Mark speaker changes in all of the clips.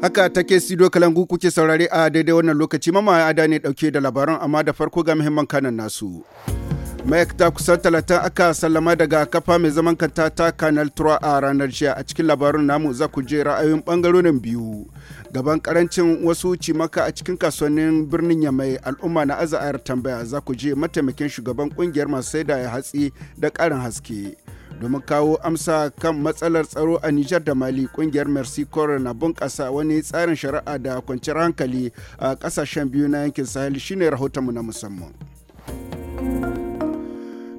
Speaker 1: Haka take studio kalangu kuke saurare a daidai wannan lokaci mama ada ne dauke da labaran amma da farko ga muhimman kanan nasu. ma'aikata kusan talatin aka sallama daga kafa mai zaman kanta ta kanal a ranar jiya a cikin labarun namu za ku je ra'ayoyin bangarorin biyu gaban karancin wasu cimaka a cikin kasuwannin birnin yamai al'umma na aza'ar tambaya za ku je mataimakin shugaban kungiyar masu saida ya hatsi da karin haske domin kawo amsa kan matsalar tsaro a Nijar da Mali kungiyar Mercy Corps na bunƙasa wani tsarin shari'a da kwanciyar hankali a ƙasashen biyu na yankin Sahel shine rahoton rahotonmu na musamman.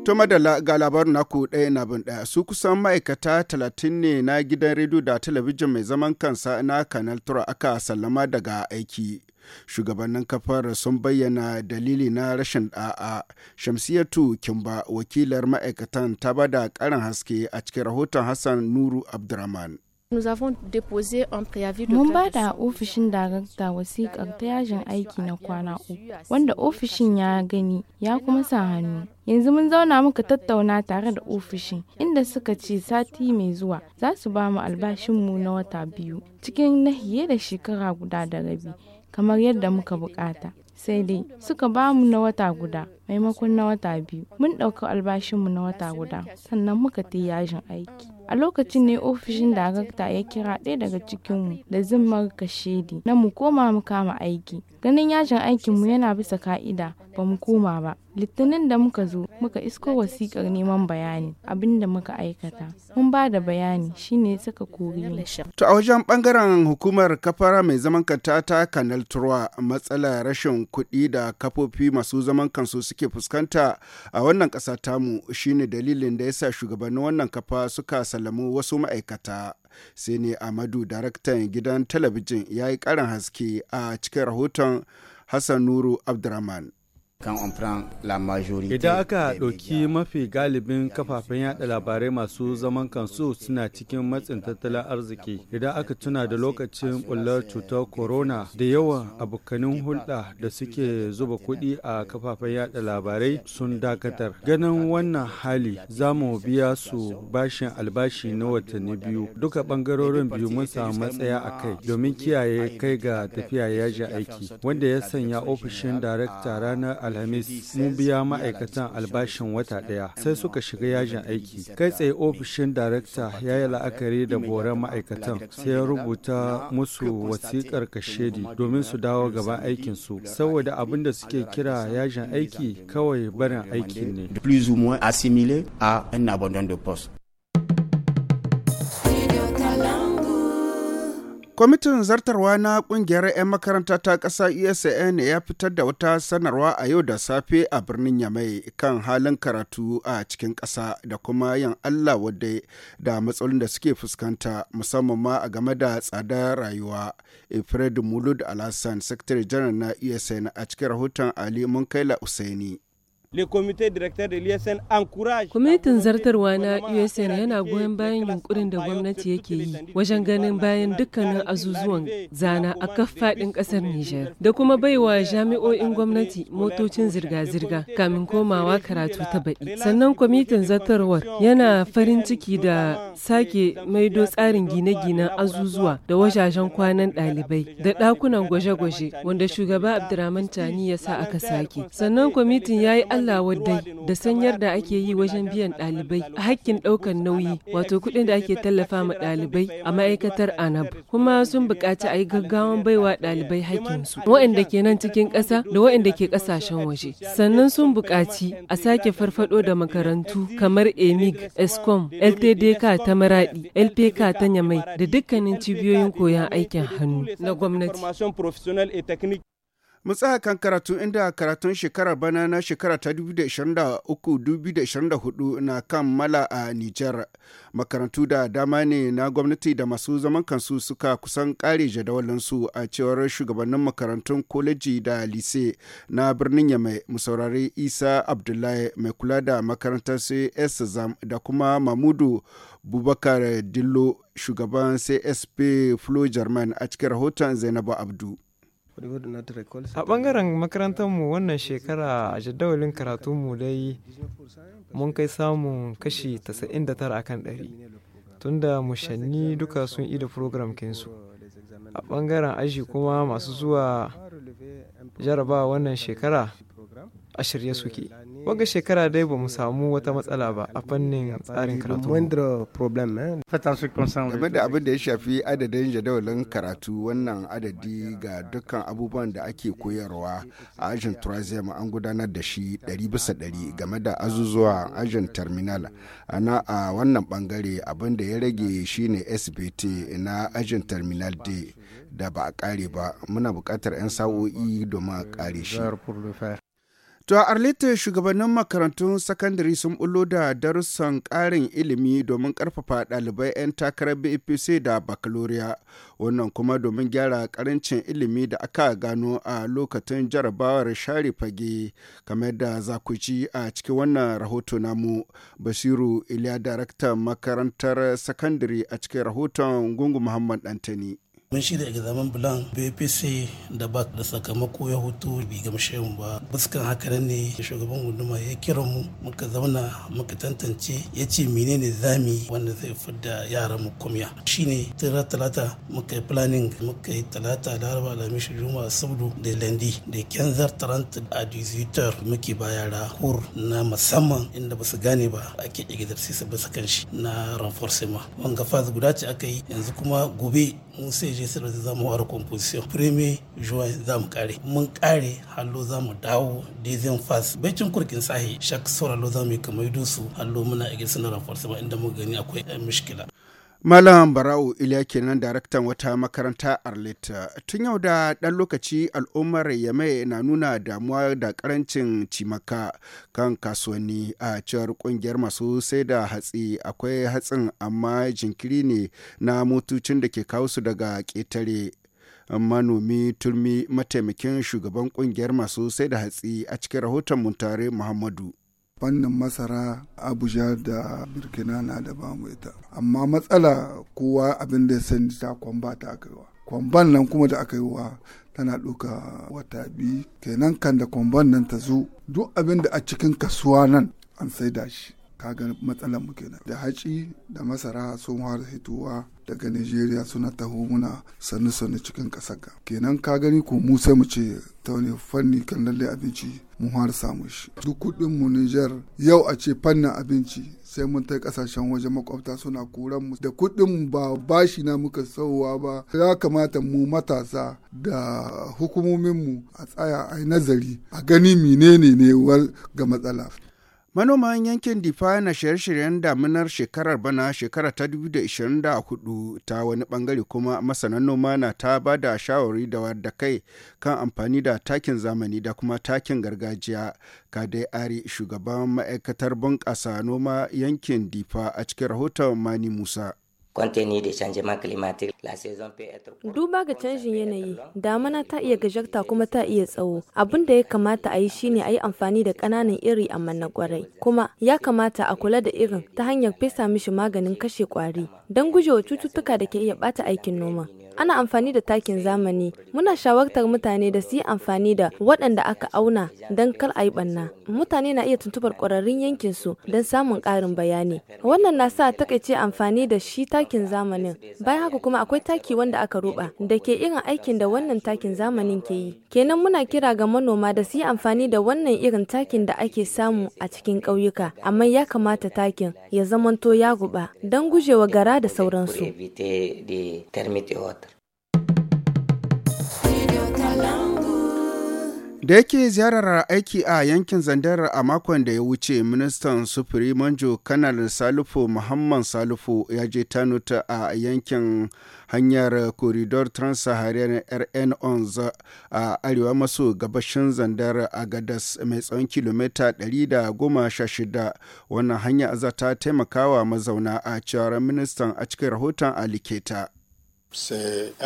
Speaker 1: To madalla ga labarin naku ɗaya na bin ɗaya su kusan ma'aikata talatin ne na gidan rediyo da talabijin mai zaman kansa na canal Tura aka sallama daga aiki. shugabannin kafar sun bayyana dalili na rashin da'a shamsiyatu kimba wakilar ma'aikatan ta ba da karin haske a cikin rahoton hassan nuru abdurrahman
Speaker 2: Mun ba da ofishin darakta wasiƙar ta yajin aiki na kwana uku, wanda ofishin ya gani ya kuma sa hannu. Yanzu mun zauna muka tattauna tare da ofishin, inda suka ce sati mai zuwa za su ba mu albashinmu na wata biyu, cikin nahiye da shekara guda da rabi. kamar yadda muka bukata sai dai suka bamu na wata guda maimakon na wata biyu mun ɗauki albashinmu na wata guda sannan muka ta yajin aiki a lokacin ne ofishin darakta ya kira ɗaya daga cikinmu da zimmar kashedi na mu koma mu kama aiki ganin yajin aikinmu yana bisa ka'ida ba mu koma ba litinin da muka zo muka isko wasikar neman bayani abinda muka aikata mun ba da bayani shine suka kori
Speaker 1: to a wajen bangaren hukumar kafara mai zaman kanta ta kanal turwa matsalar rashin kuɗi da kafofi masu zaman kansu suke ke fuskanta a wannan ƙasa tamu shine dalilin da ya sa shugabannin wannan kafa suka salamu wasu ma'aikata. sai ne amadu daraktan gidan talabijin ya yi karin haske a cikin rahoton hassan nuru abdurrahman Idan
Speaker 3: aka ɗauki mafi galibin kafafen yada labarai masu zaman kansu suna cikin matsin tattalin arziki. Idan aka tuna da lokacin bullar cutar corona da yawan abokanin hulɗa da suke zuba kuɗi a kafafen yada labarai sun dakatar. Ganin wannan hali za mu biya su bashin albashi na watanni biyu. Duka ɓangarorin biyu mun samu matsaya a kai domin kiyaye kai ga tafiya yaji aiki wanda ya sanya ofishin darakta ah. ranar alhamis mun biya ma'aikatan albashin wata daya sai suka shiga yajin aiki kai tsaye ofishin darakta ya yi la'akari da boran ma'aikatan sai ya rubuta musu wasiƙar kashedi domin su dawo gaban su saboda abin da suke kira yajin aiki kawai barin aiki ne.
Speaker 1: Kwamitin zartarwa na kungiyar 'yan makaranta ta ƙasa USAN e ya fitar da wata sanarwa a yau da safe a birnin Yamai kan halin karatu a cikin ƙasa da kuma yin Allah wadda da matsalolin da suke fuskanta musamman ma a game da tsadar rayuwa. Ifred Mulud Alhassan, Sakatare Janar na USAN e a cikin rahoton Ali Munkaila Usaini.
Speaker 2: Kwamitin zartarwa na USN yana goyon bayan yunkurin da gwamnati yake yi wajen ganin bayan dukkanin azuzuwan zana a kaf faɗin ƙasar Nijar da kuma baiwa jami'o'in gwamnati motocin zirga-zirga kamin komawa karatu ta baɗi. Sannan kwamitin zartarwar yana farin ciki da sake maido tsarin gine-ginen azuzuwa da wajajen kwanan ɗalibai da ɗakunan gwaje-gwaje wanda shugaba Abdurrahman Tani ya sa aka sake. Sannan kwamitin ya yi Allah waddai da sanyar da ake yi wajen biyan ɗalibai hakkin ɗaukar nauyi wato kuɗin da ake tallafa ma ɗalibai a ma'aikatar anab kuma sun buƙaci a yi gaggawan baiwa ɗalibai hakkinsu waɗanda ke nan cikin ƙasa da waɗanda ke ƙasashen waje sannan sun buƙaci a sake farfaɗo da makarantu kamar emig escom ltdk ta maraɗi lpk ta nyamai da dukkanin cibiyoyin koyon aikin hannu na gwamnati
Speaker 1: Mutsa kan karatu inda karatun shekarar bana na shekara ta 2023-2024 na kan mala a Nijar. Makarantu da dama ne na gwamnati da masu zaman kansu suka kusan kare jadawalinsu a cewar shugabannin makarantun koleji da lise na birnin Yamai musaurari Isa Abdullahi mai kula da makarantar CSZAM da kuma Mamudu Bubakar Dillo shugaban CSP Flo German a cikin rahoton Zainabu Abdu. a bangaren makarantarmu wannan shekara a jadawalin karatunmu dai mun kai samun kashi 99 akan 100 tunda mushanni duka sun ida program kinsu a bangaren aji kuma masu zuwa jarabawa wannan shekara a shirye suke waga shekara dai ba mu samu wata matsala ba a fannin tsarin karatu game da abin da ya shafi adadin jadawalin karatu wannan adadi ga dukkan abubuwan da ake koyarwa a ajin turazim an gudanar da shi 100 bisa 100 game da azuzuwa ajin terminal ana a wannan bangare abin da ya rage shine sbt na ajin terminal d da ba a kare ba muna bukatar 'yan sa'o'i domin a kare shi To a Arlita shugabannin makarantun sakandare sun bullo da darussan ƙarin ilimi domin ƙarfafa ɗalibai 'yan takarar BPC da baccalaureate wannan kuma domin gyara ƙarancin ilimi da aka gano a lokacin jarabawar share fage kamar da zakuci a cikin wannan rahoto namu Basiru Iliya daraktan makarantar sakandare a cikin rahoton Gungu Muhammad Dantani. mun shirya examen bulan bpc da ba da sakamako ya hutu bi gamshe mu ba buskan haka ne shugaban gunduma ya kira mu muka zauna muka tantance ya ce menene zami wanda zai fidda yaran mu kumya shine tira talata muka yi planning muka yi talata laraba alhamis juma sabdu da lendi da kenzar taranta a dizitar muke ba yara hur na musamman inda ba su gane ba ake exercise bisa kan shi na renforcement wanga fas guda ce aka yi yanzu kuma gobe mun sai majalisar da za mu composition premier juin za mu kare mun kare hallo za mu dawo dizin fas bacin kurkin sahi shak sauralo za mu yi kamar su hallo muna a gidan na rafar sama inda mu gani akwai eh, mishkila Malam Barau Iliya kenan daraktan wata makaranta Arlit. Tun yau da ɗan lokaci al'ummar Yame na nuna damuwa da ƙarancin cimaka kan kasuwanni a cewar ƙungiyar masu sai da hatsi akwai hatsin amma jinkiri ne na motocin da ke kawo su daga ƙetare. manomi turmi mataimakin shugaban ƙungiyar masu sai da hatsi a cikin rahoton muntare Muhammadu. fannin masara
Speaker 4: abuja da birkina na da bamu ita amma matsala kowa abin da ya sani ta kwamba ta aka yiwa kwamban nan kuma da aka yiwa tana ɗauka wata biyu kenan kan da kwamban nan ta zo duk abin da a cikin kasuwa nan an sai da shi kaga matsalar mu kenan da haci da masara sun fara hitowa daga nigeria suna taho muna sannu sannu cikin kasar ga kenan ka gani ko mu sai mu ce ta wani fanni kan lalle abinci mun fara samu shi duk kudin mu niger yau a ce fannin abinci sai mun tai kasashen waje makwabta suna koran mu da kudin ba bashi na muka sauwa ba ya kamata mu matasa da hukumomin mu a tsaya a
Speaker 1: nazari a gani menene ne ga matsala Manoman yankin Difa na shirye-shiryen daminar shekarar bana shekara ta 2024 ta wani bangare kuma masanan noma na ta ba da shawari da wadda kai kan amfani da takin zamani da kuma takin gargajiya. Kadai Ari shugaban ma'aikatar bunƙasa noma yankin Difa a cikin rahoton Mani Musa.
Speaker 2: Duba ga canjin yanayi, damana ta iya gajarta kuma ta iya tsawo. Abin da ya kamata a yi shine a yi amfani da ƙananan iri a na kwarai. Kuma ya kamata a kula da irin ta hanyar fesa mishi maganin kashe ƙwari don gujewa cututtuka da ke iya ɓata aikin noma. ana amfani da takin zamani muna shawartar mutane da su yi amfani da waɗanda aka auna don kar a yi ɓanna mutane na iya tuntubar ƙwararrun yankin su don samun ƙarin bayani wannan na sa takaice amfani da shi takin zamanin bayan haka kuma akwai taki wanda aka ruba da ke irin aikin da wannan takin zamanin ke yi kenan muna kira ga manoma da su yi amfani da wannan irin takin da ake samu a cikin ƙauyuka amma ya kamata takin ya zamanto ya guba don gujewa gara da sauransu.
Speaker 1: Da yake ziyarar aiki a yankin Zandar a makon da ya wuce, ministan sufuri manjo kanal Salifu Muhammad Salifu ya je tanuta a yankin hanyar koridor Trans-Saharan RN Ons a arewa maso gabashin Zandar a Gadas mai tsawon kilomita 116. Wannan hanya za ta taimakawa mazauna a cewar ministan a cikin rahoton Aliketa.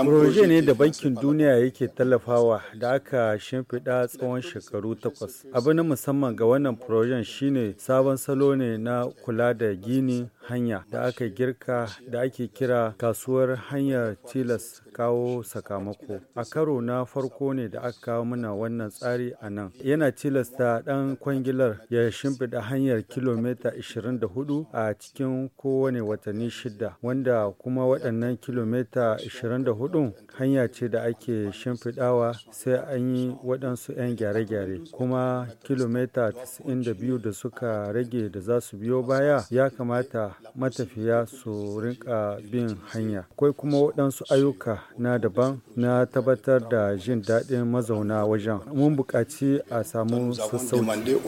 Speaker 1: Proje ne da Bankin
Speaker 3: Duniya yake tallafawa da aka shimfiɗa tsawon shekaru takwas. Abu na musamman ga wannan projen shine sabon salo ne na kula da gini hanya da aka girka da ake kira kasuwar hanyar tilas kawo sakamako. A karo na farko ne da aka kawo mana wannan tsari a nan. Yana tilasta ɗan kwangilar ya shimfiɗa hanyar kilomita 24 a cikin kowane watanni shida, wanda kuma waɗannan kilomita da 24 hanya ce da ake shimfiɗawa sai an yi waɗansu 'yan gyare-gyare kuma kilomita 92 da suka rage da za su biyo baya ya kamata matafiya su rinka bin hanya akwai kuma waɗansu ayyuka na daban na tabbatar da jin daɗin mazauna wajen mun buƙaci a samu sassauci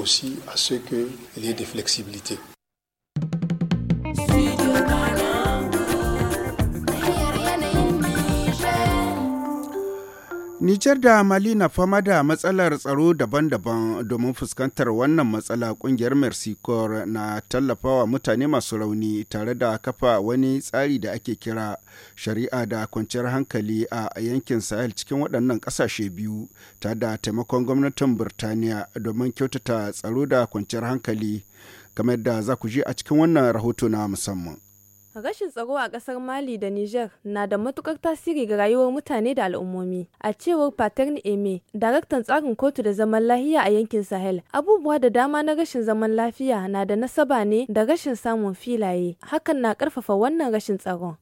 Speaker 1: Nijar da Mali na fama da matsalar tsaro daban-daban domin fuskantar wannan matsala kungiyar corps na tallafawa mutane masu rauni tare da kafa wani tsari da ake kira shari'a da kwanciyar hankali a yankin Sahel cikin waɗannan ƙasashe biyu ta da taimakon gwamnatin Birtaniya domin kyautata tsaro da kwanciyar hankali kamar da za ku je a cikin wannan rahoto na musamman.
Speaker 2: Rashin tsaro a ƙasar Mali da Niger na da matukar tasiri ga rayuwar mutane da al'ummomi. A cewar Paterni Eme, daraktan tsarin kotu da zaman lafiya a yankin Sahel, abubuwa da dama na rashin zaman lafiya na da nasaba ne da rashin samun filaye. Hakan na ƙarfafa wannan rashin tsaron.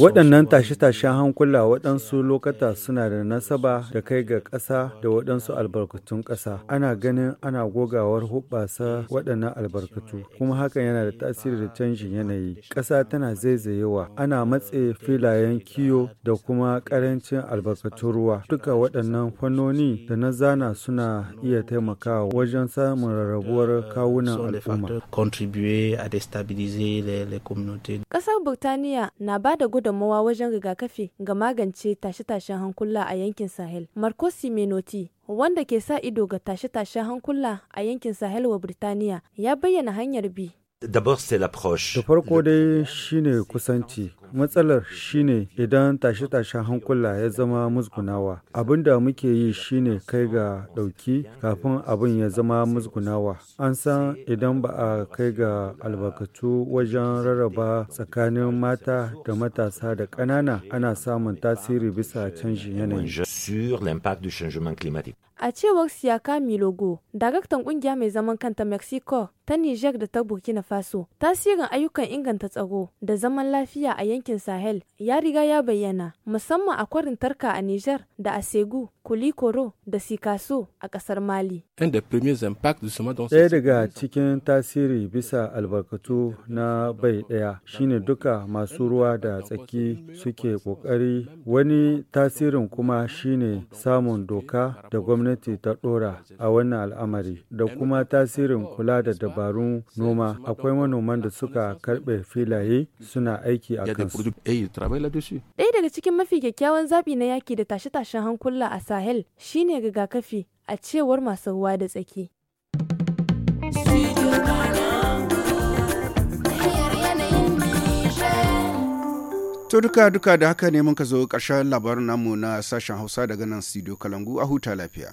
Speaker 3: Waɗannan tashe-tashen hankula waɗansu lokata suna da nasaba da kai ga ƙasa da waɗansu albarkatun ƙasa. Ana ganin ana gogawar hubbasa waɗannan albarkatu, kuma hakan yana da tasiri da canjin yanayi. Ƙasa tana zaizayewa, ana matse filayen kiyo da kuma ƙarancin albarkatun ruwa. Duka waɗannan fannoni da na zana suna iya taimakawa wajen samun rarrabuwar kawunan al'umma.
Speaker 2: Ƙasar Birtaniya na ba da gudunmawa wajen rigakafi ga magance tashe-tashen hankula a yankin Sahel. Marcosi Menotti, wanda ke sa ido ga tashe-tashen hankula a yankin Sahel wa Birtaniya, ya bayyana hanyar bi.
Speaker 3: Da farko dai shine kusanci Matsalar shine idan tashe-tashen hankula ya zama musgunawa. Abin da muke yi shine kai ga ɗauki kafin abin ya zama musgunawa. An san idan ba a kai ga albarkatu wajen rarraba tsakanin mata da matasa da ƙanana ana samun tasiri bisa canjin yanayi.
Speaker 2: A cewar Siyaka Milogo, daraktan kungiya mai zaman kanta Mexico ta niger da ta Burkina Faso, tasirin ayyukan inganta tsaro da zaman lafiya a yankin Sahel ya riga ya bayyana musamman a kwarin tarka a Nijar da a Segu, Kulikoro da Sikaso a ƙasar Mali.
Speaker 1: Ɗaya
Speaker 3: daga cikin tasiri bisa albarkatu na bai ɗaya shine duka masu ruwa da tsaki suke ƙoƙari wani tasirin kuma shine samun doka da gwamnati ta ɗora a wannan al'amari da kuma tasirin kula da dabarun noma akwai manoman da suka karɓe filaye suna aiki a kan eh ɗaya
Speaker 2: daga cikin mafi kyakkyawan zaɓi na yaki da tashe-tashen hankula a sahel shine rigakafi a cewar masu ruwa da tsaki
Speaker 1: To duka duka da haka ne mun ka zo ƙarshen labarin namu na sashen Hausa daga nan studio Kalangu a huta lafiya.